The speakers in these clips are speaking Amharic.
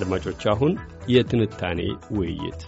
አድማጮች፣ አሁን የትንታኔ ውይይት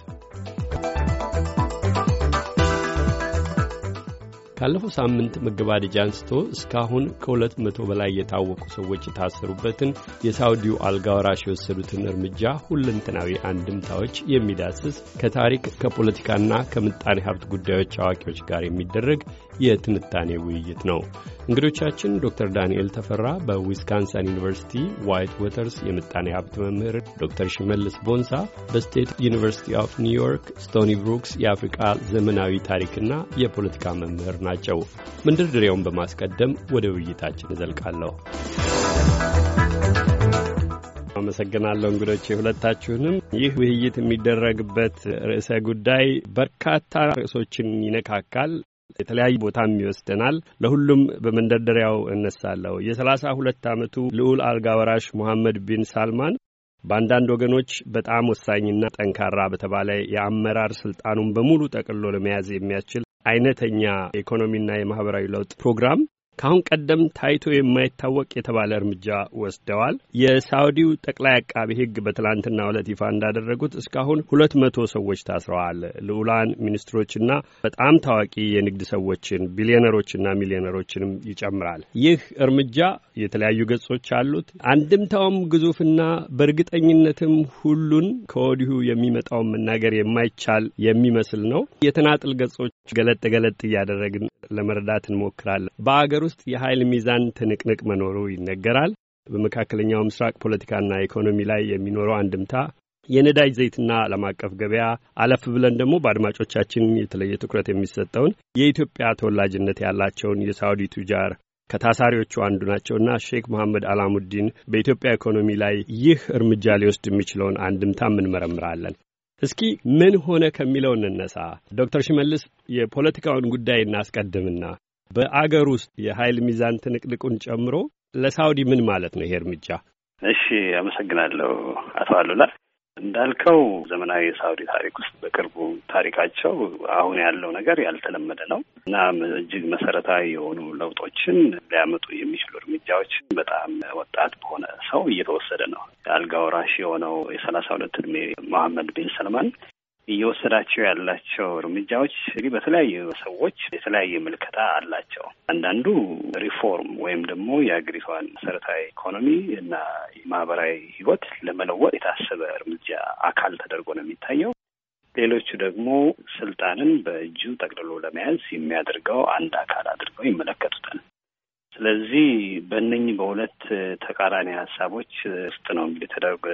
ካለፈው ሳምንት መገባደጃ አንስቶ እስካሁን ከሁለት መቶ በላይ የታወቁ ሰዎች የታሰሩበትን የሳውዲው አልጋ ወራሽ የወሰዱትን እርምጃ ሁለንተናዊ አንድምታዎች የሚዳስስ ከታሪክ ከፖለቲካና ከምጣኔ ሀብት ጉዳዮች አዋቂዎች ጋር የሚደረግ የትንታኔ ውይይት ነው። እንግዶቻችን ዶክተር ዳንኤል ተፈራ በዊስካንሰን ዩኒቨርሲቲ ዋይት ወተርስ የምጣኔ ሀብት መምህር፣ ዶክተር ሽመልስ ቦንሳ በስቴት ዩኒቨርሲቲ ኦፍ ኒውዮርክ ስቶኒ ብሩክስ የአፍሪቃ ዘመናዊ ታሪክና የፖለቲካ መምህር ናቸው። መንደርደሪያውን በማስቀደም ወደ ውይይታችን እዘልቃለሁ። አመሰግናለሁ እንግዶች የሁለታችሁንም። ይህ ውይይት የሚደረግበት ርዕሰ ጉዳይ በርካታ ርዕሶችን ይነካካል። የተለያዩ ቦታም ይወስደናል። ለሁሉም በመንደርደሪያው እነሳለሁ። የሰላሳ ሁለት ዓመቱ ልዑል አልጋ ወራሽ ሙሐመድ ቢን ሳልማን በአንዳንድ ወገኖች በጣም ወሳኝና ጠንካራ በተባለ የአመራር ስልጣኑን በሙሉ ጠቅሎ ለመያዝ የሚያስችል አይነተኛ የኢኮኖሚና የማህበራዊ ለውጥ ፕሮግራም ከአሁን ቀደም ታይቶ የማይታወቅ የተባለ እርምጃ ወስደዋል። የሳውዲው ጠቅላይ አቃቢ ሕግ በትላንትና ዕለት ይፋ እንዳደረጉት እስካሁን ሁለት መቶ ሰዎች ታስረዋል። ልዑላን ሚኒስትሮችና በጣም ታዋቂ የንግድ ሰዎችን ቢሊዮነሮችና ሚሊዮነሮችንም ይጨምራል። ይህ እርምጃ የተለያዩ ገጾች አሉት። አንድምታውም ግዙፍና በእርግጠኝነትም ሁሉን ከወዲሁ የሚመጣውን መናገር የማይቻል የሚመስል ነው። የተናጥል ገጾች ገለጥ ገለጥ እያደረግን ለመረዳት እንሞክራለን። በአገ ሀገር ውስጥ የኃይል ሚዛን ትንቅንቅ መኖሩ ይነገራል። በመካከለኛው ምስራቅ ፖለቲካና ኢኮኖሚ ላይ የሚኖረው አንድምታ የነዳጅ ዘይትና ዓለም አቀፍ ገበያ አለፍ ብለን ደግሞ በአድማጮቻችን የተለየ ትኩረት የሚሰጠውን የኢትዮጵያ ተወላጅነት ያላቸውን የሳውዲ ቱጃር ከታሳሪዎቹ አንዱ ናቸውና ሼክ መሐመድ አላሙዲን በኢትዮጵያ ኢኮኖሚ ላይ ይህ እርምጃ ሊወስድ የሚችለውን አንድምታ እንመረምራለን። እስኪ ምን ሆነ ከሚለው እንነሳ። ዶክተር ሽመልስ የፖለቲካውን ጉዳይ እናስቀድምና በአገር ውስጥ የኃይል ሚዛን ትንቅንቁን ጨምሮ ለሳውዲ ምን ማለት ነው ይሄ እርምጃ? እሺ፣ አመሰግናለሁ አቶ አሉላ። እንዳልከው ዘመናዊ የሳውዲ ታሪክ ውስጥ በቅርቡ ታሪካቸው አሁን ያለው ነገር ያልተለመደ ነው እና እጅግ መሰረታዊ የሆኑ ለውጦችን ሊያመጡ የሚችሉ እርምጃዎችን በጣም ወጣት በሆነ ሰው እየተወሰደ ነው። አልጋ ወራሽ የሆነው የሰላሳ ሁለት እድሜ መሐመድ ቢን ሰልማን እየወሰዳቸው ያላቸው እርምጃዎች እንግዲህ በተለያዩ ሰዎች የተለያየ ምልከታ አላቸው። አንዳንዱ ሪፎርም ወይም ደግሞ የሀገሪቷን መሰረታዊ ኢኮኖሚ እና የማህበራዊ ህይወት ለመለወጥ የታሰበ እርምጃ አካል ተደርጎ ነው የሚታየው። ሌሎቹ ደግሞ ስልጣንን በእጁ ጠቅልሎ ለመያዝ የሚያደርገው አንድ አካል አድርገው ይመለከቱታል። ስለዚህ በእነኝህ በሁለት ተቃራኒ ሀሳቦች ውስጥ ነው እንግዲህ ተደርጎ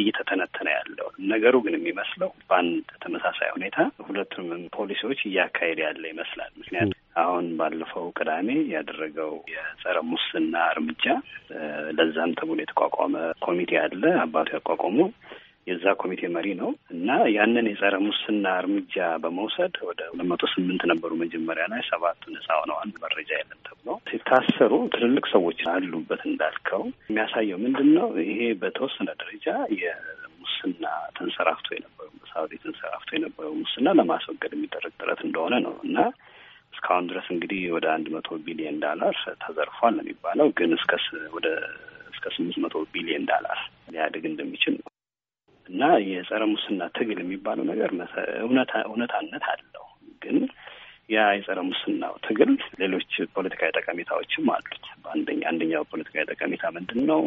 እየተተነተነ ያለው ነገሩ ግን የሚመስለው በአንድ ተመሳሳይ ሁኔታ ሁለቱም ፖሊሲዎች እያካሄደ ያለ ይመስላል። ምክንያቱም አሁን ባለፈው ቅዳሜ ያደረገው የጸረ ሙስና እርምጃ ለዛም ተብሎ የተቋቋመ ኮሚቴ አለ አባቱ ያቋቋመው የዛ ኮሚቴ መሪ ነው እና ያንን የጸረ ሙስና እርምጃ በመውሰድ ወደ ሁለት መቶ ስምንት ነበሩ መጀመሪያ ላይ ሰባቱ ነጻ ሆነዋል። መረጃ የለን ተብሎ ሲታሰሩ ትልልቅ ሰዎች አሉበት እንዳልከው የሚያሳየው ምንድን ነው? ይሄ በተወሰነ ደረጃ የሙስና ተንሰራፍቶ የነበረው በሳውዲ ተንሰራፍቶ የነበረው ሙስና ለማስወገድ የሚደረግ ጥረት እንደሆነ ነው እና እስካሁን ድረስ እንግዲህ ወደ አንድ መቶ ቢሊዮን ዳላር ተዘርፏል ነው የሚባለው ግን እስከ ወደ እስከ ስምንት መቶ ቢሊዮን ዳላር ሊያድግ እንደሚችል ነው እና የጸረ ሙስና ትግል የሚባለው ነገር እውነታነት አለው ግን ያ የጸረ ሙስናው ትግል ሌሎች ፖለቲካዊ ጠቀሜታዎችም አሉት። አንደኛ አንደኛው ፖለቲካዊ ጠቀሜታ ምንድን ነው?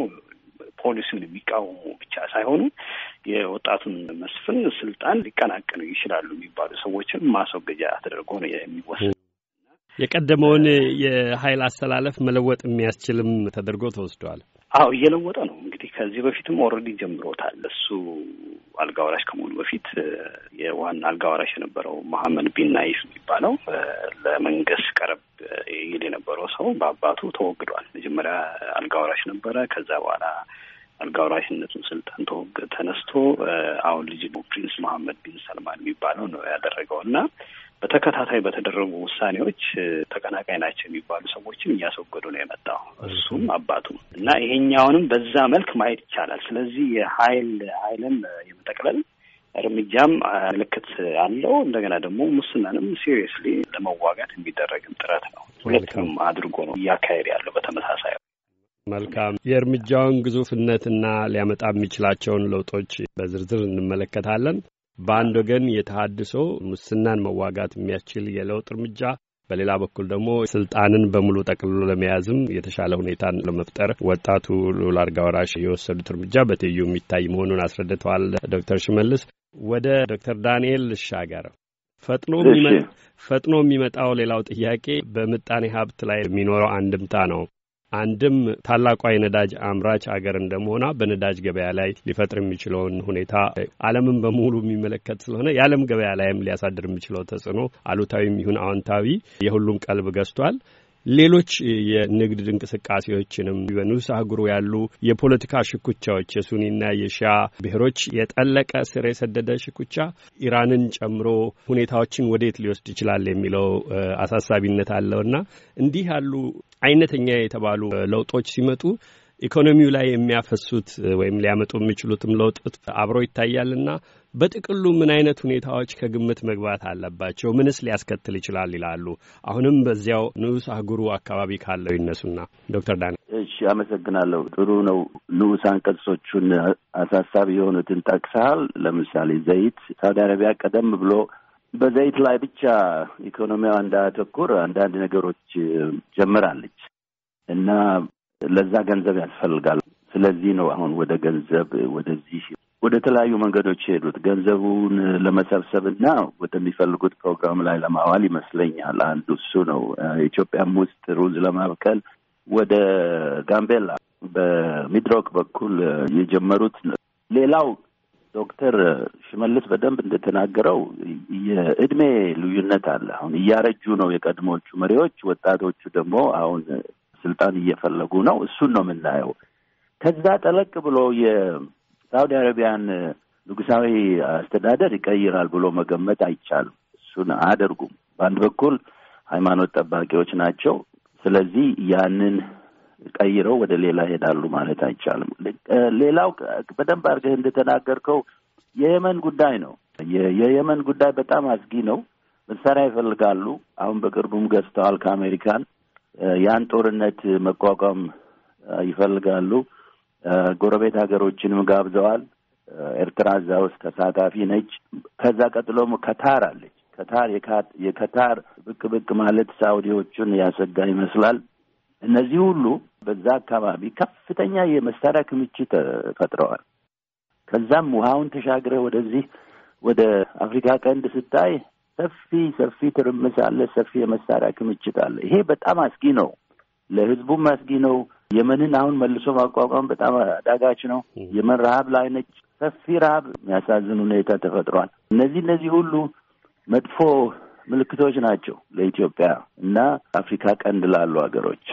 ፖሊሲውን የሚቃወሙ ብቻ ሳይሆኑ የወጣቱን መስፍን ስልጣን ሊቀናቀኑ ይችላሉ የሚባሉ ሰዎችን ማስወገጃ ተደርጎ ነው የሚወሰድ የቀደመውን የኃይል አሰላለፍ መለወጥ የሚያስችልም ተደርጎ ተወስዷል። አዎ እየለወጠ ነው። ከዚህ በፊትም ኦልሬዲ ጀምሮታል። እሱ አልጋ ወራሽ ከመሆኑ በፊት የዋና አልጋ ወራሽ የነበረው መሐመድ ቢን ናይፍ የሚባለው ለመንገስ ቀረብ ይል የነበረው ሰው በአባቱ ተወግዷል። መጀመሪያ አልጋ ወራሽ ነበረ። ከዛ በኋላ አልጋ ወራሽነቱን ስልጣን ተነስቶ አሁን ልጅ ፕሪንስ መሐመድ ቢን ሰልማን የሚባለው ነው ያደረገው እና በተከታታይ በተደረጉ ውሳኔዎች ተቀናቃይ ናቸው የሚባሉ ሰዎችን እያስወገዱ ነው የመጣው እሱም አባቱም እና ይሄኛውንም በዛ መልክ ማየት ይቻላል። ስለዚህ የሀይል ሀይልን የመጠቅለል እርምጃም ምልክት አለው። እንደገና ደግሞ ሙስናንም ሲሪየስሊ ለመዋጋት የሚደረግም ጥረት ነው። ሁለቱንም አድርጎ ነው እያካሄድ ያለው በተመሳሳይ መልካም የእርምጃውን ግዙፍነትና ሊያመጣ የሚችላቸውን ለውጦች በዝርዝር እንመለከታለን። በአንድ ወገን የተሃድሶ ሙስናን መዋጋት የሚያስችል የለውጥ እርምጃ በሌላ በኩል ደግሞ ስልጣንን በሙሉ ጠቅልሎ ለመያዝም የተሻለ ሁኔታን ለመፍጠር ወጣቱ ልዑል አልጋ ወራሽ የወሰዱት እርምጃ በትይዩ የሚታይ መሆኑን አስረድተዋል ዶክተር ሽመልስ። ወደ ዶክተር ዳንኤል ልሻገር። ፈጥኖ የሚመጣው ሌላው ጥያቄ በምጣኔ ሀብት ላይ የሚኖረው አንድምታ ነው። አንድም ታላቋ የነዳጅ አምራች አገር እንደመሆኗ በነዳጅ ገበያ ላይ ሊፈጥር የሚችለውን ሁኔታ ዓለምን በሙሉ የሚመለከት ስለሆነ የዓለም ገበያ ላይም ሊያሳድር የሚችለው ተጽዕኖ አሉታዊም ይሁን አዎንታዊ የሁሉም ቀልብ ገዝቷል። ሌሎች የንግድ እንቅስቃሴዎችንም በንዑስ አህጉሩ ያሉ የፖለቲካ ሽኩቻዎች የሱኒና የሺያ ብሔሮች የጠለቀ ስር የሰደደ ሽኩቻ ኢራንን ጨምሮ ሁኔታዎችን ወዴት ሊወስድ ይችላል የሚለው አሳሳቢነት አለውና እንዲህ ያሉ አይነተኛ የተባሉ ለውጦች ሲመጡ ኢኮኖሚው ላይ የሚያፈሱት ወይም ሊያመጡ የሚችሉትም ለውጥ አብሮ ይታያልና በጥቅሉ ምን አይነት ሁኔታዎች ከግምት መግባት አለባቸው? ምንስ ሊያስከትል ይችላል ይላሉ። አሁንም በዚያው ንዑስ አህጉሩ አካባቢ ካለው ይነሱና ዶክተር ዳን። እሺ፣ አመሰግናለሁ። ጥሩ ነው። ንዑስ አንቀጾቹን አሳሳቢ የሆኑትን ጠቅሰሃል። ለምሳሌ ዘይት፣ ሳውዲ አረቢያ ቀደም ብሎ በዘይት ላይ ብቻ ኢኮኖሚዋ እንዳያተኩር አንዳንድ ነገሮች ጀምራለች እና ለዛ ገንዘብ ያስፈልጋል። ስለዚህ ነው አሁን ወደ ገንዘብ ወደዚህ ወደ ተለያዩ መንገዶች የሄዱት ገንዘቡን ለመሰብሰብ እና ወደሚፈልጉት ፕሮግራም ላይ ለማዋል ይመስለኛል። አንዱ እሱ ነው። ኢትዮጵያም ውስጥ ሩዝ ለማብቀል ወደ ጋምቤላ በሚድሮክ በኩል የጀመሩት። ሌላው ዶክተር ሽመልስ በደንብ እንደተናገረው የእድሜ ልዩነት አለ። አሁን እያረጁ ነው የቀድሞቹ መሪዎች፣ ወጣቶቹ ደግሞ አሁን ስልጣን እየፈለጉ ነው። እሱን ነው የምናየው። ከዛ ጠለቅ ብሎ ሳውዲ አረቢያን ንጉሳዊ አስተዳደር ይቀይራል ብሎ መገመት አይቻልም። እሱን አያደርጉም። በአንድ በኩል ሃይማኖት ጠባቂዎች ናቸው። ስለዚህ ያንን ቀይረው ወደ ሌላ ይሄዳሉ ማለት አይቻልም። ሌላው በደንብ አድርገህ እንደተናገርከው የየመን ጉዳይ ነው። የየመን ጉዳይ በጣም አስጊ ነው። መሳሪያ ይፈልጋሉ። አሁን በቅርቡም ገዝተዋል ከአሜሪካን። ያን ጦርነት መቋቋም ይፈልጋሉ። ጎረቤት ሀገሮችንም ጋብዘዋል። ኤርትራ እዛ ውስጥ ተሳታፊ ነች። ከዛ ቀጥሎም ከታር አለች። ከታር የከታር ብቅ ብቅ ማለት ሳውዲዎቹን ያሰጋ ይመስላል። እነዚህ ሁሉ በዛ አካባቢ ከፍተኛ የመሳሪያ ክምችት ፈጥረዋል። ከዛም ውሃውን ተሻግረህ ወደዚህ ወደ አፍሪካ ቀንድ ስታይ ሰፊ ሰፊ ትርምስ አለ። ሰፊ የመሳሪያ ክምችት አለ። ይሄ በጣም አስጊ ነው፣ ለህዝቡም አስጊ ነው፣ የመንን አሁን መልሶ ማቋቋም በጣም አዳጋች ነው። የመን ረሀብ ላይ ነች። ሰፊ ረሀብ የሚያሳዝን ሁኔታ ተፈጥሯል። እነዚህ እነዚህ ሁሉ መጥፎ ምልክቶች ናቸው ለኢትዮጵያ እና አፍሪካ ቀንድ ላሉ ሀገሮች።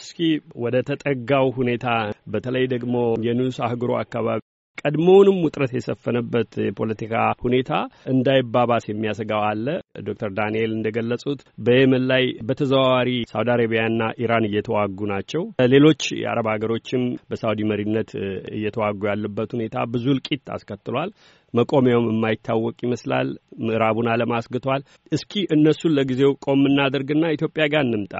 እስኪ ወደ ተጠጋው ሁኔታ በተለይ ደግሞ የንዑስ አህጉሩ አካባቢ ቀድሞውንም ውጥረት የሰፈነበት የፖለቲካ ሁኔታ እንዳይባባስ የሚያሰጋው አለ። ዶክተር ዳንኤል እንደገለጹት በየመን ላይ በተዘዋዋሪ ሳውዲ አረቢያና ኢራን እየተዋጉ ናቸው። ሌሎች የአረብ ሀገሮችም በሳውዲ መሪነት እየተዋጉ ያሉበት ሁኔታ ብዙ እልቂት አስከትሏል። መቆሚያውም የማይታወቅ ይመስላል። ምዕራቡን ዓለም አስግቷል። እስኪ እነሱን ለጊዜው ቆም እናደርግና ኢትዮጵያ ጋር እንምጣ።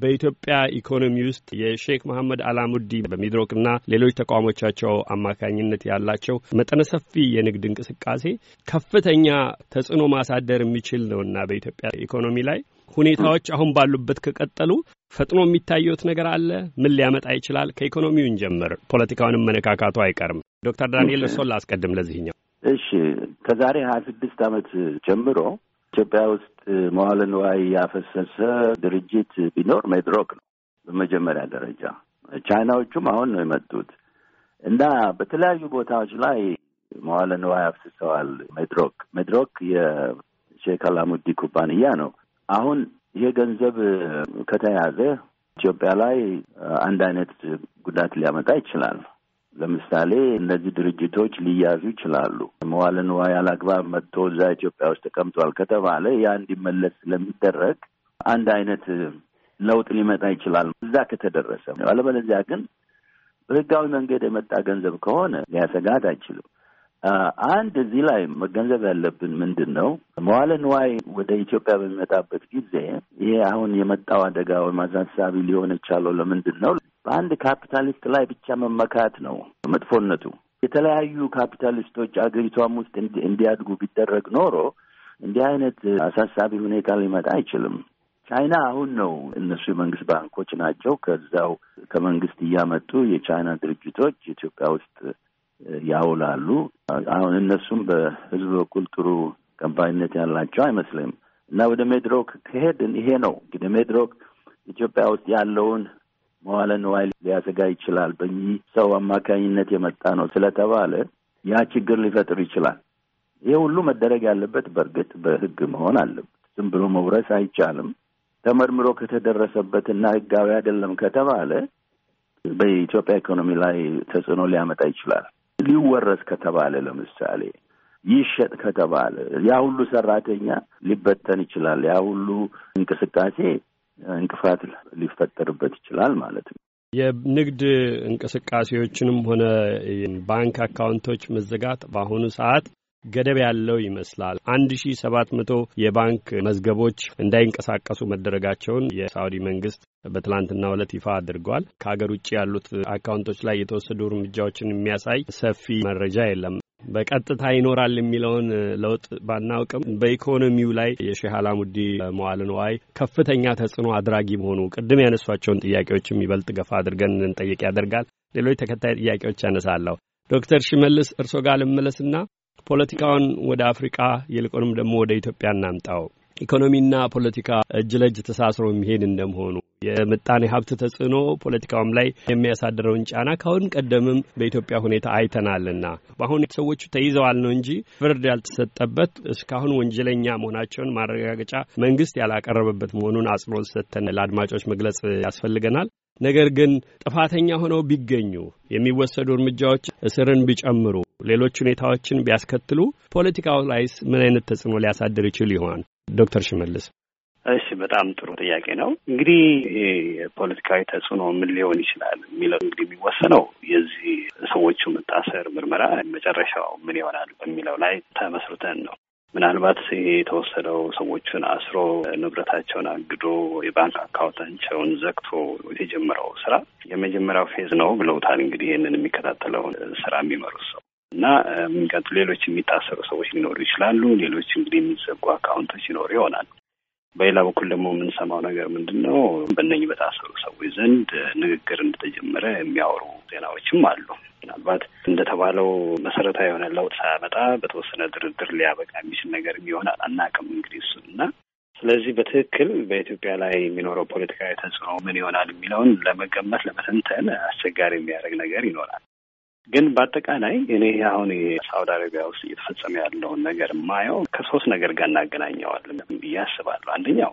በኢትዮጵያ ኢኮኖሚ ውስጥ የሼክ መሐመድ አላሙዲ በሚድሮክና ሌሎች ተቋሞቻቸው አማካኝነት ያላቸው መጠነ ሰፊ የንግድ እንቅስቃሴ ከፍተኛ ተጽዕኖ ማሳደር የሚችል ነውና በኢትዮጵያ ኢኮኖሚ ላይ ሁኔታዎች አሁን ባሉበት ከቀጠሉ ፈጥኖ የሚታየት ነገር አለ። ምን ሊያመጣ ይችላል? ከኢኮኖሚው ጀምር ፖለቲካውንም መነካካቱ አይቀርም። ዶክተር ዳንኤል እርሶን ላስቀድም ለዚህኛው እሺ ከዛሬ ሀያ ስድስት አመት ጀምሮ ኢትዮጵያ ውስጥ መዋለ ንዋይ ያፈሰሰ ድርጅት ቢኖር ሜድሮክ ነው በመጀመሪያ ደረጃ። ቻይናዎቹም አሁን ነው የመጡት እና በተለያዩ ቦታዎች ላይ መዋለ ንዋይ አፍስሰዋል። ሜድሮክ ሜድሮክ የሼክ አላሙዲ ኩባንያ ነው። አሁን ይሄ ገንዘብ ከተያዘ ኢትዮጵያ ላይ አንድ አይነት ጉዳት ሊያመጣ ይችላል። ለምሳሌ እነዚህ ድርጅቶች ሊያዙ ይችላሉ። መዋለ ንዋይ አላግባብ መጥቶ እዛ ኢትዮጵያ ውስጥ ተቀምጧል ከተባለ ያ እንዲመለስ ስለሚደረግ አንድ አይነት ለውጥ ሊመጣ ይችላል እዛ ከተደረሰ። አለበለዚያ ግን በህጋዊ መንገድ የመጣ ገንዘብ ከሆነ ሊያሰጋት አይችልም። አንድ እዚህ ላይ መገንዘብ ያለብን ምንድን ነው፣ መዋለ ንዋይ ወደ ኢትዮጵያ በሚመጣበት ጊዜ ይሄ አሁን የመጣው አደጋ ወይም አሳሳቢ ሊሆን የቻለው ለምንድን ነው? በአንድ ካፒታሊስት ላይ ብቻ መመካት ነው መጥፎነቱ። የተለያዩ ካፒታሊስቶች አገሪቷም ውስጥ እንዲያድጉ ቢደረግ ኖሮ እንዲህ አይነት አሳሳቢ ሁኔታ ሊመጣ አይችልም። ቻይና አሁን ነው እነሱ የመንግስት ባንኮች ናቸው። ከዛው ከመንግስት እያመጡ የቻይና ድርጅቶች ኢትዮጵያ ውስጥ ያውላሉ። አሁን እነሱም በህዝብ በኩል ጥሩ ቀባይነት ያላቸው አይመስልም እና ወደ ሜድሮክ ከሄድን ይሄ ነው እንግዲህ ሜድሮክ ኢትዮጵያ ውስጥ ያለውን መዋለ ንዋይ ሊያዘጋ ይችላል፣ በኚህ ሰው አማካኝነት የመጣ ነው ስለተባለ ያ ችግር ሊፈጥር ይችላል። ይሄ ሁሉ መደረግ ያለበት በእርግጥ በህግ መሆን አለበት። ዝም ብሎ መውረስ አይቻልም። ተመርምሮ ከተደረሰበትና ህጋዊ አይደለም ከተባለ በኢትዮጵያ ኢኮኖሚ ላይ ተጽዕኖ ሊያመጣ ይችላል። ሊወረስ ከተባለ ለምሳሌ ይሸጥ ከተባለ ያ ሁሉ ሰራተኛ ሊበተን ይችላል። ያ ሁሉ እንቅስቃሴ እንቅፋት ሊፈጠርበት ይችላል ማለት ነው። የንግድ እንቅስቃሴዎችንም ሆነ ባንክ አካውንቶች መዘጋት በአሁኑ ሰዓት ገደብ ያለው ይመስላል። አንድ ሺ ሰባት መቶ የባንክ መዝገቦች እንዳይንቀሳቀሱ መደረጋቸውን የሳውዲ መንግስት በትላንትናው ዕለት ይፋ አድርጓል። ከሀገር ውጭ ያሉት አካውንቶች ላይ የተወሰዱ እርምጃዎችን የሚያሳይ ሰፊ መረጃ የለም። በቀጥታ ይኖራል የሚለውን ለውጥ ባናውቅም በኢኮኖሚው ላይ የሼህ አላሙዲ መዋለ ንዋይ ከፍተኛ ተጽዕኖ አድራጊ መሆኑ ቅድም ያነሷቸውን ጥያቄዎችም ይበልጥ ገፋ አድርገን እንጠይቅ ያደርጋል። ሌሎች ተከታይ ጥያቄዎች ያነሳለሁ። ዶክተር ሽመልስ እርሶ ጋር ልመለስና ፖለቲካውን ወደ አፍሪቃ ይልቁንም ደግሞ ወደ ኢትዮጵያ እናምጣው። ኢኮኖሚና ፖለቲካ እጅ ለእጅ ተሳስሮ የሚሄድ እንደመሆኑ የምጣኔ ሀብት ተጽዕኖ ፖለቲካውም ላይ የሚያሳድረውን ጫና ከአሁን ቀደምም በኢትዮጵያ ሁኔታ አይተናልና በአሁኑ ሰዎቹ ተይዘዋል ነው እንጂ ፍርድ ያልተሰጠበት እስካሁን ወንጀለኛ መሆናቸውን ማረጋገጫ መንግስት ያላቀረበበት መሆኑን አጽንኦት ሰጥተን ለአድማጮች መግለጽ ያስፈልገናል። ነገር ግን ጥፋተኛ ሆነው ቢገኙ የሚወሰዱ እርምጃዎች እስርን ቢጨምሩ፣ ሌሎች ሁኔታዎችን ቢያስከትሉ ፖለቲካው ላይስ ምን አይነት ተጽዕኖ ሊያሳድር ይችል ይሆን? ዶክተር ሽመልስ እሺ፣ በጣም ጥሩ ጥያቄ ነው። እንግዲህ ፖለቲካዊ የፖለቲካዊ ተጽዕኖ ምን ሊሆን ይችላል የሚለው እንግዲህ የሚወሰነው የዚህ ሰዎቹ መታሰር ምርመራ መጨረሻው ምን ይሆናል በሚለው ላይ ተመስርተን ነው። ምናልባት ይሄ የተወሰደው ሰዎቹን አስሮ ንብረታቸውን አግዶ የባንክ አካውንታቸውን ዘግቶ የተጀመረው ስራ የመጀመሪያው ፌዝ ነው ብለውታል። እንግዲህ ይህንን የሚከታተለውን ስራ የሚመሩት ሰው እና ሌሎች የሚታሰሩ ሰዎች ሊኖሩ ይችላሉ። ሌሎች እንግዲህ የሚዘጉ አካውንቶች ይኖሩ ይሆናል። በሌላ በኩል ደግሞ የምንሰማው ነገር ምንድን ነው? በእነኝህ በታሰሩ ሰዎች ዘንድ ንግግር እንደተጀመረ የሚያወሩ ዜናዎችም አሉ። ምናልባት እንደተባለው መሰረታዊ የሆነ ለውጥ ሳያመጣ በተወሰነ ድርድር ሊያበቃ የሚችል ነገር ይሆናል። አናውቅም እንግዲህ እሱን እና ስለዚህ በትክክል በኢትዮጵያ ላይ የሚኖረው ፖለቲካዊ ተጽዕኖ ምን ይሆናል የሚለውን ለመገመት ለመተንተን አስቸጋሪ የሚያደርግ ነገር ይኖራል። ግን በአጠቃላይ እኔ አሁን የሳውዲ አረቢያ ውስጥ እየተፈጸመ ያለውን ነገር ማየው ከሶስት ነገር ጋር እናገናኘዋለን ብዬ አስባለሁ። አንደኛው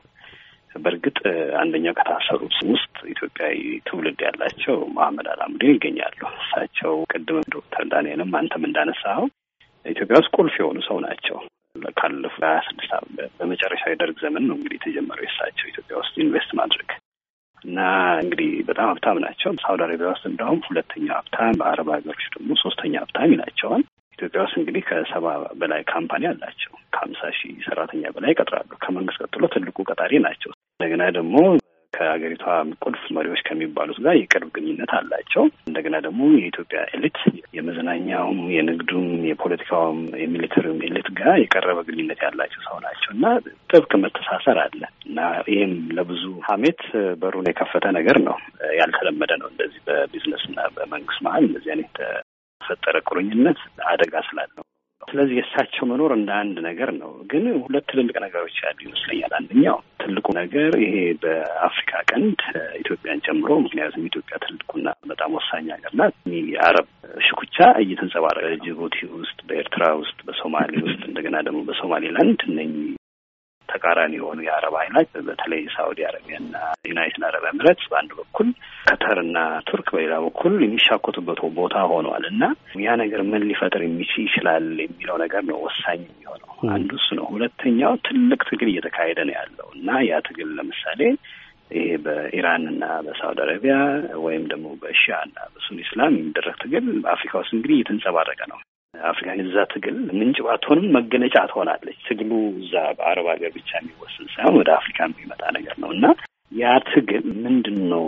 በእርግጥ አንደኛው ከታሰሩት ውስጥ ኢትዮጵያዊ ትውልድ ያላቸው መሀመድ አላሙዲ ይገኛሉ። እሳቸው ቅድም ዶክተር ዳንኤልም አንተም እንዳነሳኸው ኢትዮጵያ ውስጥ ቁልፍ የሆኑ ሰው ናቸው። ካለፉ ሀያ ስድስት በመጨረሻ የደርግ ዘመን ነው እንግዲህ የተጀመረው የእሳቸው ኢትዮጵያ ውስጥ ኢንቨስት ማድረግ እና እንግዲህ በጣም ሀብታም ናቸው። ሳውዲ አረቢያ ውስጥ እንደውም ሁለተኛ ሀብታም፣ በአረብ ሀገሮች ደግሞ ሶስተኛ ሀብታም ይላቸዋል። ኢትዮጵያ ውስጥ እንግዲህ ከሰባ በላይ ካምፓኒ አላቸው። ከሀምሳ ሺህ ሰራተኛ በላይ ይቀጥራሉ። ከመንግስት ቀጥሎ ትልቁ ቀጣሪ ናቸው። እንደገና ደግሞ ከሀገሪቷ ቁልፍ መሪዎች ከሚባሉት ጋር የቅርብ ግንኙነት አላቸው። እንደገና ደግሞ የኢትዮጵያ ኤሊት የመዝናኛውም፣ የንግዱም፣ የፖለቲካውም፣ የሚሊተሪውም ኤሊት ጋር የቀረበ ግንኙነት ያላቸው ሰው ናቸው እና ጥብቅ መተሳሰር አለ እና ይህም ለብዙ ሀሜት በሩን የከፈተ ነገር ነው። ያልተለመደ ነው። እንደዚህ በቢዝነስና በመንግስት መሀል እንደዚህ አይነት የተፈጠረ ቁርኝነት አደጋ ስላለው ስለዚህ የእሳቸው መኖር እንደ አንድ ነገር ነው። ግን ሁለት ትልልቅ ነገሮች ያሉ ይመስለኛል። አንደኛው ትልቁ ነገር ይሄ በአፍሪካ ቀንድ ኢትዮጵያን ጨምሮ፣ ምክንያቱም ኢትዮጵያ ትልቁና በጣም ወሳኝ ሀገር ናት። የአረብ ሽኩቻ እየተንጸባረቀ ጅቡቲ ውስጥ፣ በኤርትራ ውስጥ፣ በሶማሌ ውስጥ እንደገና ደግሞ በሶማሌላንድ እነኚህ ተቃራኒ የሆኑ የአረብ ኃይላት በተለይ ሳዑዲ አረቢያና ዩናይትድ አረብ ኤምሬትስ በአንድ በኩል ከተርና ቱርክ በሌላ በኩል የሚሻኮቱበት ቦታ ሆኗል እና ያ ነገር ምን ሊፈጥር የሚችል ይችላል የሚለው ነገር ነው ወሳኝ የሚሆነው። አንዱ እሱ ነው። ሁለተኛው ትልቅ ትግል እየተካሄደ ነው ያለው እና ያ ትግል ለምሳሌ ይሄ በኢራን እና በሳውዲ አረቢያ ወይም ደግሞ በሺያ እና በሱኒ እስላም የሚደረግ ትግል በአፍሪካ ውስጥ እንግዲህ እየተንጸባረቀ ነው። አፍሪካን የዛ ትግል ምንጭ ባትሆንም መገለጫ ትሆናለች። ትግሉ እዛ በአረብ ሀገር ብቻ የሚወስን ሳይሆን ወደ አፍሪካ የሚመጣ ነገር ነው እና ያ ትግል ምንድን ነው?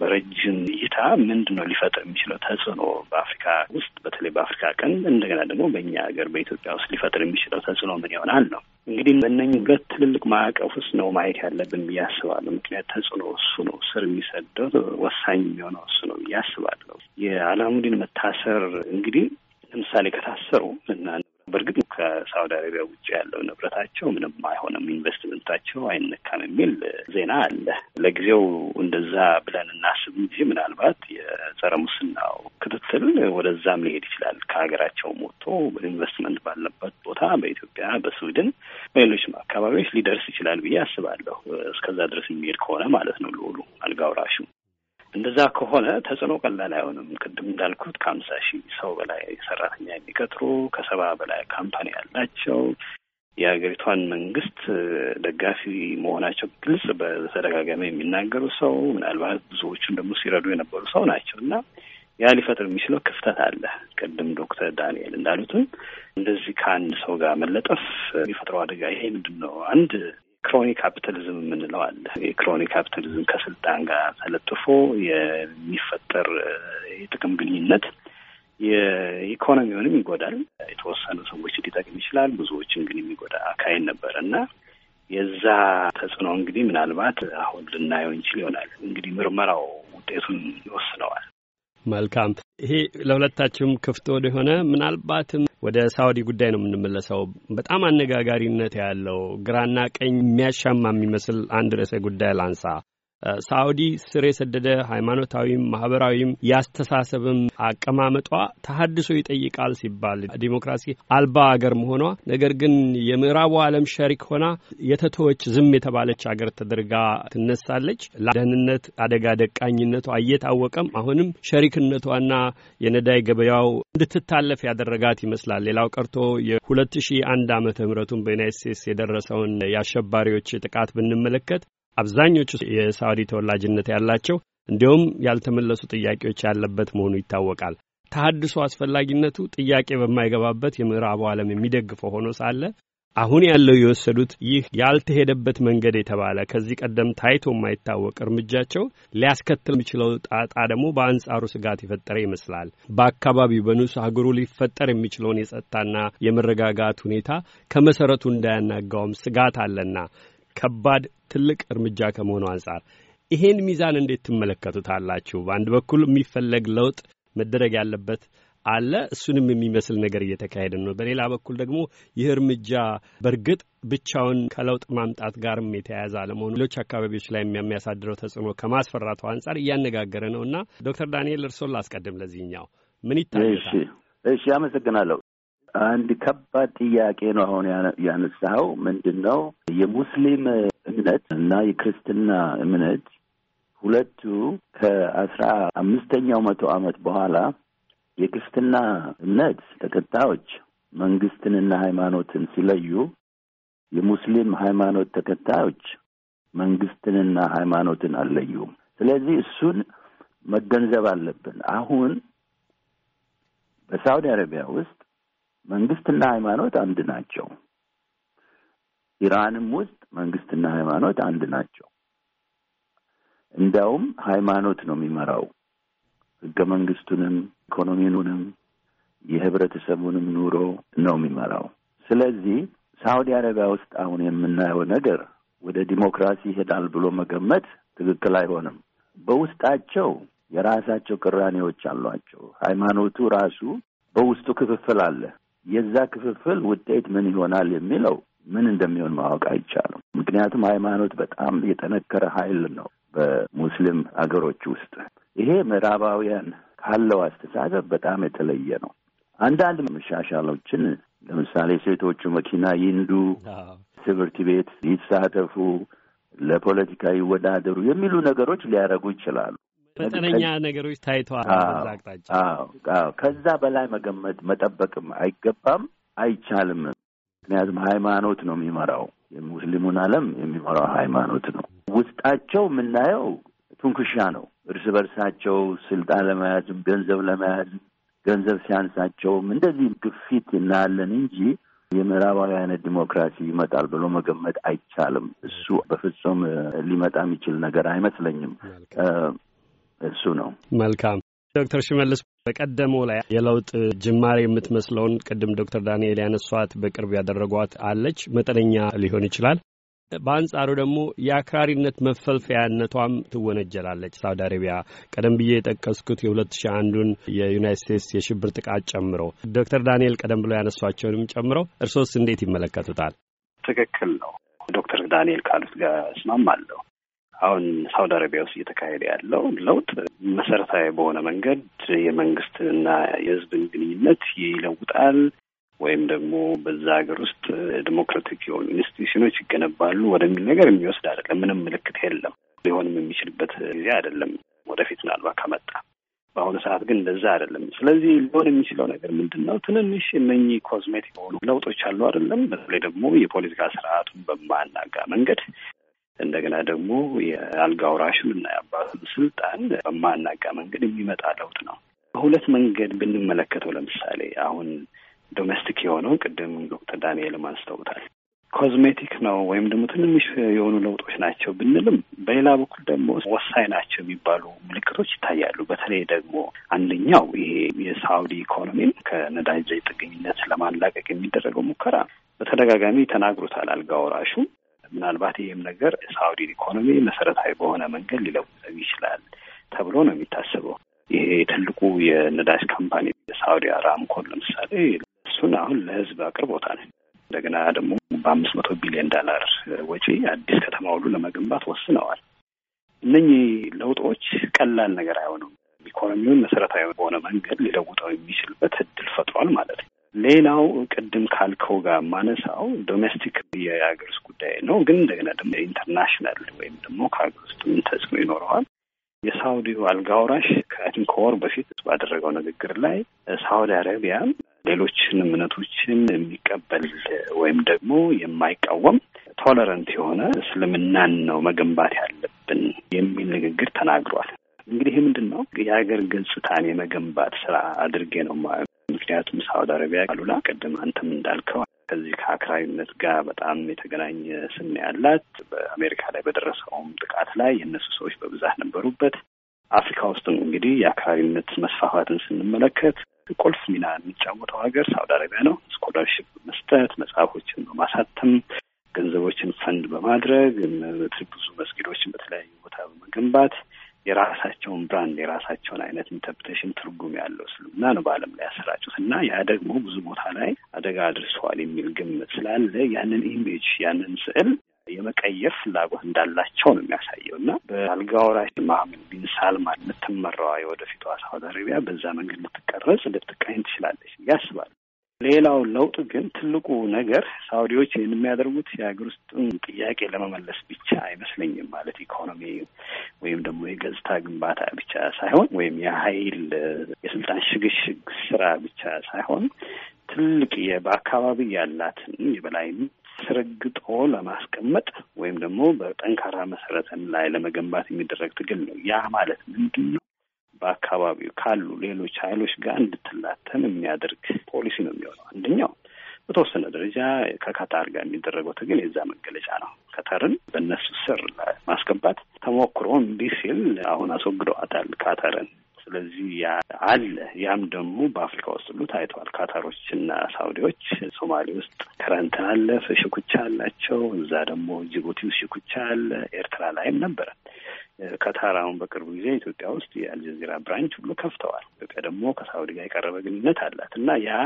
በረጅም እይታ ምንድን ነው ሊፈጥር የሚችለው ተጽዕኖ በአፍሪካ ውስጥ በተለይ በአፍሪካ ቀንድ እንደገና ደግሞ በእኛ ሀገር በኢትዮጵያ ውስጥ ሊፈጥር የሚችለው ተጽዕኖ ምን ይሆናል ነው እንግዲህ በእነኝህ ሁለት ትልልቅ ማዕቀፍ ውስጥ ነው ማየት ያለብን ብዬ አስባለሁ። ምክንያት ተጽዕኖ እሱ ነው፣ ስር የሚሰደው ወሳኝ የሚሆነው እሱ ነው ብዬ አስባለሁ። የአላሙዲን መታሰር እንግዲህ ለምሳሌ ከታሰሩ እና በእርግጥ ከሳውዲ አረቢያ ውጭ ያለው ንብረታቸው ምንም አይሆንም፣ ኢንቨስትመንታቸው አይነካም የሚል ዜና አለ። ለጊዜው እንደዛ ብለን እናስብ እንጂ ምናልባት የጸረ ሙስናው ክትትል ወደዛም ሊሄድ ይችላል። ከሀገራቸው ወጥቶ ኢንቨስትመንት ባለበት ቦታ በኢትዮጵያ፣ በስዊድን፣ በሌሎችም አካባቢዎች ሊደርስ ይችላል ብዬ አስባለሁ። እስከዛ ድረስ የሚሄድ ከሆነ ማለት ነው ልዑሉ አልጋውራሹ እንደዛ ከሆነ ተጽዕኖ ቀላል አይሆንም። ቅድም እንዳልኩት ከአምሳ ሺህ ሰው በላይ ሰራተኛ የሚቀጥሩ ከሰባ በላይ ካምፓኒ ያላቸው የሀገሪቷን መንግስት ደጋፊ መሆናቸው ግልጽ በተደጋጋሚ የሚናገሩ ሰው ምናልባት ብዙዎቹን ደግሞ ሲረዱ የነበሩ ሰው ናቸው እና ያ ሊፈጥር የሚችለው ክፍተት አለ። ቅድም ዶክተር ዳንኤል እንዳሉትም እንደዚህ ከአንድ ሰው ጋር መለጠፍ የሚፈጥረው አደጋ ይሄ ምንድን ነው? አንድ ክሮኒ ካፒታሊዝም የምንለው አለ። የክሮኒ ካፒታሊዝም ከስልጣን ጋር ተለጥፎ የሚፈጠር የጥቅም ግንኙነት የኢኮኖሚውንም ይጎዳል። የተወሰኑ ሰዎች ሊጠቅም ይችላል፣ ብዙዎችን ግን የሚጎዳ አካሄድ ነበር እና የዛ ተጽዕኖ እንግዲህ ምናልባት አሁን ልናየው እንችል ይሆናል። እንግዲህ ምርመራው ውጤቱን ይወስነዋል። መልካም። ይሄ ለሁለታችሁም ክፍት ወደ ሆነ ምናልባትም ወደ ሳውዲ ጉዳይ ነው የምንመለሰው። በጣም አነጋጋሪነት ያለው ግራና ቀኝ የሚያሻማ የሚመስል አንድ ርዕሰ ጉዳይ ላንሳ። ሳውዲ ስር የሰደደ ሃይማኖታዊም ማህበራዊም ያስተሳሰብም አቀማመጧ ተሀድሶ ይጠይቃል ሲባል ዲሞክራሲ አልባ አገር መሆኗ ነገር ግን የምዕራቡ ዓለም ሸሪክ ሆና የተተወች ዝም የተባለች አገር ተደርጋ ትነሳለች። ለደህንነት አደጋ ደቃኝነቷ እየታወቀም አሁንም ሸሪክነቷና የነዳይ ገበያው እንድትታለፍ ያደረጋት ይመስላል። ሌላው ቀርቶ የ2001 አንድ ዓመተ ምህረቱን በዩናይት ስቴትስ የደረሰውን የአሸባሪዎች ጥቃት ብንመለከት አብዛኞቹ የሳዑዲ ተወላጅነት ያላቸው እንዲሁም ያልተመለሱ ጥያቄዎች ያለበት መሆኑ ይታወቃል። ተሐድሶ አስፈላጊነቱ ጥያቄ በማይገባበት የምዕራቡ ዓለም የሚደግፈው ሆኖ ሳለ አሁን ያለው የወሰዱት ይህ ያልተሄደበት መንገድ የተባለ ከዚህ ቀደም ታይቶ የማይታወቅ እርምጃቸው ሊያስከትል የሚችለው ጣጣ ደግሞ በአንጻሩ ስጋት የፈጠረ ይመስላል። በአካባቢው በንዑስ አህጉሩ ሊፈጠር የሚችለውን የጸጥታና የመረጋጋት ሁኔታ ከመሰረቱ እንዳያናጋውም ስጋት አለና ከባድ ትልቅ እርምጃ ከመሆኑ አንጻር ይሄን ሚዛን እንዴት ትመለከቱታላችሁ? በአንድ በኩል የሚፈለግ ለውጥ መደረግ ያለበት አለ፣ እሱንም የሚመስል ነገር እየተካሄደ ነው። በሌላ በኩል ደግሞ ይህ እርምጃ በእርግጥ ብቻውን ከለውጥ ማምጣት ጋርም የተያያዘ አለመሆኑ ሌሎች አካባቢዎች ላይ የሚያሳድረው ተጽዕኖ ከማስፈራቱ አንጻር እያነጋገረ ነው እና ዶክተር ዳንኤል እርስዎን ላስቀድም ለዚህኛው ምን ይታያል? እሺ፣ አመሰግናለሁ። አንድ ከባድ ጥያቄ ነው አሁን ያነሳኸው። ምንድን ነው የሙስሊም እምነት እና የክርስትና እምነት ሁለቱ ከአስራ አምስተኛው መቶ ዓመት በኋላ የክርስትና እምነት ተከታዮች መንግስትንና ሃይማኖትን ሲለዩ የሙስሊም ሃይማኖት ተከታዮች መንግስትንና ሃይማኖትን አልለዩም። ስለዚህ እሱን መገንዘብ አለብን። አሁን በሳውዲ አረቢያ ውስጥ መንግስትና ሃይማኖት አንድ ናቸው። ኢራንም ውስጥ መንግስትና ሃይማኖት አንድ ናቸው። እንዲያውም ሃይማኖት ነው የሚመራው ህገ መንግስቱንም ኢኮኖሚውንም የህብረተሰቡንም ኑሮ ነው የሚመራው። ስለዚህ ሳውዲ አረቢያ ውስጥ አሁን የምናየው ነገር ወደ ዲሞክራሲ ይሄዳል ብሎ መገመት ትክክል አይሆንም። በውስጣቸው የራሳቸው ቅራኔዎች አሏቸው። ሃይማኖቱ ራሱ በውስጡ ክፍፍል አለ። የዛ ክፍፍል ውጤት ምን ይሆናል የሚለው ምን እንደሚሆን ማወቅ አይቻልም። ምክንያቱም ሃይማኖት በጣም የጠነከረ ኃይል ነው በሙስሊም አገሮች ውስጥ። ይሄ ምዕራባውያን ካለው አስተሳሰብ በጣም የተለየ ነው። አንዳንድ መሻሻሎችን ለምሳሌ ሴቶቹ መኪና ይንዱ፣ ትምህርት ቤት ይሳተፉ፣ ለፖለቲካ ይወዳደሩ የሚሉ ነገሮች ሊያደርጉ ይችላሉ። ፈጠነኛ ነገሮች ታይተዋል። አቅጣጫ ከዛ በላይ መገመት መጠበቅም አይገባም አይቻልም። ምክንያቱም ሃይማኖት ነው የሚመራው፣ የሙስሊሙን ዓለም የሚመራው ሃይማኖት ነው። ውስጣቸው የምናየው ትንክሻ ነው። እርስ በርሳቸው ስልጣን ለመያዝም ገንዘብ ለመያዝም ገንዘብ ሲያንሳቸውም እንደዚህ ግፊት እናያለን እንጂ የምዕራባዊ አይነት ዲሞክራሲ ይመጣል ብሎ መገመት አይቻልም። እሱ በፍጹም ሊመጣ የሚችል ነገር አይመስለኝም። እሱ ነው። መልካም ዶክተር ሽመልስ በቀደመው ላይ የለውጥ ጅማሬ የምትመስለውን ቅድም ዶክተር ዳንኤል ያነሷት በቅርብ ያደረጓት አለች፣ መጠነኛ ሊሆን ይችላል። በአንጻሩ ደግሞ የአክራሪነት መፈልፈያነቷም ትወነጀላለች። ሳውዲ አረቢያ ቀደም ብዬ የጠቀስኩት የ2001ዱን የዩናይት ስቴትስ የሽብር ጥቃት ጨምሮ ዶክተር ዳንኤል ቀደም ብሎ ያነሷቸውንም ጨምሮ እርሶስ እንዴት ይመለከቱታል? ትክክል ነው። ዶክተር ዳንኤል ካሉት ጋር እስማማለሁ። አሁን ሳውዲ አረቢያ ውስጥ እየተካሄደ ያለው ለውጥ መሰረታዊ በሆነ መንገድ የመንግስትንና የህዝብን ግንኙነት ይለውጣል ወይም ደግሞ በዛ ሀገር ውስጥ ዲሞክራቲክ የሆኑ ኢንስቲቱሽኖች ይገነባሉ ወደሚል ነገር የሚወስድ አይደለም። ምንም ምልክት የለም። ሊሆንም የሚችልበት ጊዜ አይደለም። ወደፊት ምናልባት ከመጣ በአሁኑ ሰዓት ግን እንደዛ አይደለም። ስለዚህ ሊሆን የሚችለው ነገር ምንድን ነው? ትንንሽ እነኚህ ኮዝሜቲክ የሆኑ ለውጦች አሉ አይደለም። በተለይ ደግሞ የፖለቲካ ስርዓቱን በማናጋ መንገድ እንደገና ደግሞ የአልጋ ወራሹን እና የአባቱን ስልጣን በማናጋ መንገድ የሚመጣ ለውጥ ነው። በሁለት መንገድ ብንመለከተው ለምሳሌ አሁን ዶሜስቲክ የሆነው ቅድም ዶክተር ዳንኤልም አንስተውታል። ኮዝሜቲክ ነው ወይም ደግሞ ትንንሽ የሆኑ ለውጦች ናቸው ብንልም በሌላ በኩል ደግሞ ወሳኝ ናቸው የሚባሉ ምልክቶች ይታያሉ። በተለይ ደግሞ አንደኛው ይሄ የሳውዲ ኢኮኖሚን ከነዳጅ ላይ ጥገኝነት ለማላቀቅ የሚደረገው ሙከራ በተደጋጋሚ ተናግሮታል አልጋ ወራሹ። ምናልባት ይህም ነገር ሳውዲን ኢኮኖሚ መሰረታዊ በሆነ መንገድ ሊለውጠው ይችላል ተብሎ ነው የሚታስበው። ይሄ ትልቁ የነዳጅ ካምፓኒ ሳውዲ አራምኮን ለምሳሌ እሱን አሁን ለህዝብ አቅርቦታል። እንደገና ደግሞ በአምስት መቶ ቢሊዮን ዳላር ወጪ አዲስ ከተማ ሁሉ ለመገንባት ወስነዋል። እነኚህ ለውጦች ቀላል ነገር አይሆኑም። ኢኮኖሚውን መሰረታዊ በሆነ መንገድ ሊለውጠው የሚችልበት እድል ፈጥሯል ማለት ነው። ሌላው ቅድም ካልከው ጋር ማነሳው ዶሜስቲክ የሀገር ውስጥ ጉዳይ ነው፣ ግን እንደገና ደግሞ ኢንተርናሽናል ወይም ደግሞ ከሀገር ውስጥም ተጽዕኖ ይኖረዋል። የሳውዲው አልጋ ወራሽ ከወር በፊት ባደረገው ንግግር ላይ ሳውዲ አረቢያ ሌሎችን እምነቶችን የሚቀበል ወይም ደግሞ የማይቃወም ቶለረንት የሆነ እስልምናን ነው መገንባት ያለብን የሚል ንግግር ተናግሯል። እንግዲህ ምንድን ነው የሀገር ገጽታን የመገንባት ስራ አድርጌ ነው ምክንያቱም ሳውዲ አረቢያ አሉላ ቅድም አንተም እንዳልከው ከዚህ ከአክራሪነት ጋር በጣም የተገናኘ ስም ያላት በአሜሪካ ላይ በደረሰውም ጥቃት ላይ የእነሱ ሰዎች በብዛት ነበሩበት። አፍሪካ ውስጥም እንግዲህ የአክራሪነት መስፋፋትን ስንመለከት ቁልፍ ሚና የሚጫወተው ሀገር ሳውዲ አረቢያ ነው። ስኮላርሽፕ በመስጠት መጽሐፎችን በማሳተም ገንዘቦችን ፈንድ በማድረግ ብዙ መስጊዶችን በተለያዩ ቦታ በመገንባት የራሳቸውን ብራንድ የራሳቸውን አይነት ኢንተርፕሬሽን ትርጉም ያለው ስልምና ነው በዓለም ላይ ያሰራጩት እና ያ ደግሞ ብዙ ቦታ ላይ አደጋ አድርሰዋል የሚል ግምት ስላለ ያንን ኢሜጅ ያንን ስዕል የመቀየር ፍላጎት እንዳላቸው ነው የሚያሳየው እና በአልጋ ወራሽ መሐመድ ቢን ሳልማን የምትመራዋ የወደፊቷ ሳውዲ አረቢያ በዛ መንገድ ልትቀረጽ ልትቃኝ ትችላለች ያስባል። ሌላው ለውጥ ግን ትልቁ ነገር ሳውዲዎች ይህን የሚያደርጉት የሀገር ውስጥን ጥያቄ ለመመለስ ብቻ አይመስለኝም። ማለት ኢኮኖሚ ወይም ደግሞ የገጽታ ግንባታ ብቻ ሳይሆን ወይም የሀይል የስልጣን ሽግሽግ ስራ ብቻ ሳይሆን ትልቅ በአካባቢ ያላትን የበላይነት አስረግጦ ለማስቀመጥ ወይም ደግሞ በጠንካራ መሰረትን ላይ ለመገንባት የሚደረግ ትግል ነው። ያ ማለት ምንድን ነው? በአካባቢው ካሉ ሌሎች ኃይሎች ጋር እንድትላተም የሚያደርግ ፖሊሲ ነው የሚሆነው። አንደኛው በተወሰነ ደረጃ ከካታር ጋር የሚደረገው ትግል የዛ መገለጫ ነው። ካታርን በእነሱ ስር ማስገባት ተሞክሮ እንዲህ ሲል አሁን አስወግደዋታል ካታርን። ስለዚህ አለ። ያም ደግሞ በአፍሪካ ውስጥ ሁሉ ታይተዋል። ካታሮች እና ሳውዲዎች ሶማሌ ውስጥ ከረንትን አለ፣ ሽኩቻ አላቸው። እዛ ደግሞ ጅቡቲ ውስጥ ሽኩቻ አለ። ኤርትራ ላይም ነበረ። ከታራውን በቅርቡ ጊዜ ኢትዮጵያ ውስጥ የአልጀዚራ ብራንች ሁሉ ከፍተዋል። ኢትዮጵያ ደግሞ ከሳውዲ ጋር የቀረበ ግንኙነት አላት እና ያ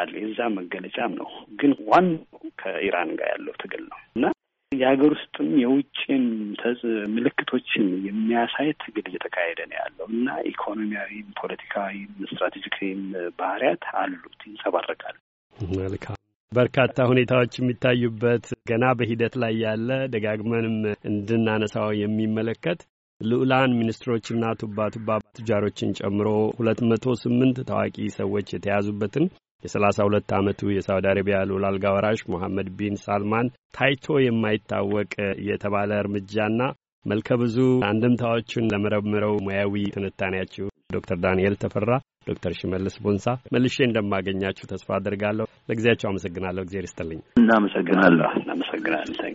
አለ። የዛ መገለጫም ነው። ግን ዋናው ከኢራን ጋር ያለው ትግል ነው እና የሀገር ውስጥም የውጭም ምልክቶችን የሚያሳይ ትግል እየተካሄደ ነው ያለው እና ኢኮኖሚያዊም፣ ፖለቲካዊም፣ ስትራቴጂካዊም ባህሪያት አሉት፣ ይንጸባረቃል። መልካም በርካታ ሁኔታዎች የሚታዩበት ገና በሂደት ላይ ያለ ደጋግመንም እንድናነሳው የሚመለከት ልዑላን ሚኒስትሮችና ቱባ ቱባ ቱጃሮችን ጨምሮ ሁለት መቶ ስምንት ታዋቂ ሰዎች የተያዙበትን የሰላሳ ሁለት ዓመቱ የሳውዲ አረቢያ ልዑል አልጋ ወራሽ ሞሐመድ ቢን ሳልማን ታይቶ የማይታወቅ የተባለ እርምጃና መልከ ብዙ አንድምታዎችን ለመረምረው ሙያዊ ትንታኔያችሁ ዶክተር ዳንኤል ተፈራ፣ ዶክተር ሽመልስ ቦንሳ መልሼ እንደማገኛችሁ ተስፋ አድርጋለሁ። ለጊዜያቸው አመሰግናለሁ። እግዜር ይስጥልኝ። እናመሰግናለሁ። እናመሰግናለን።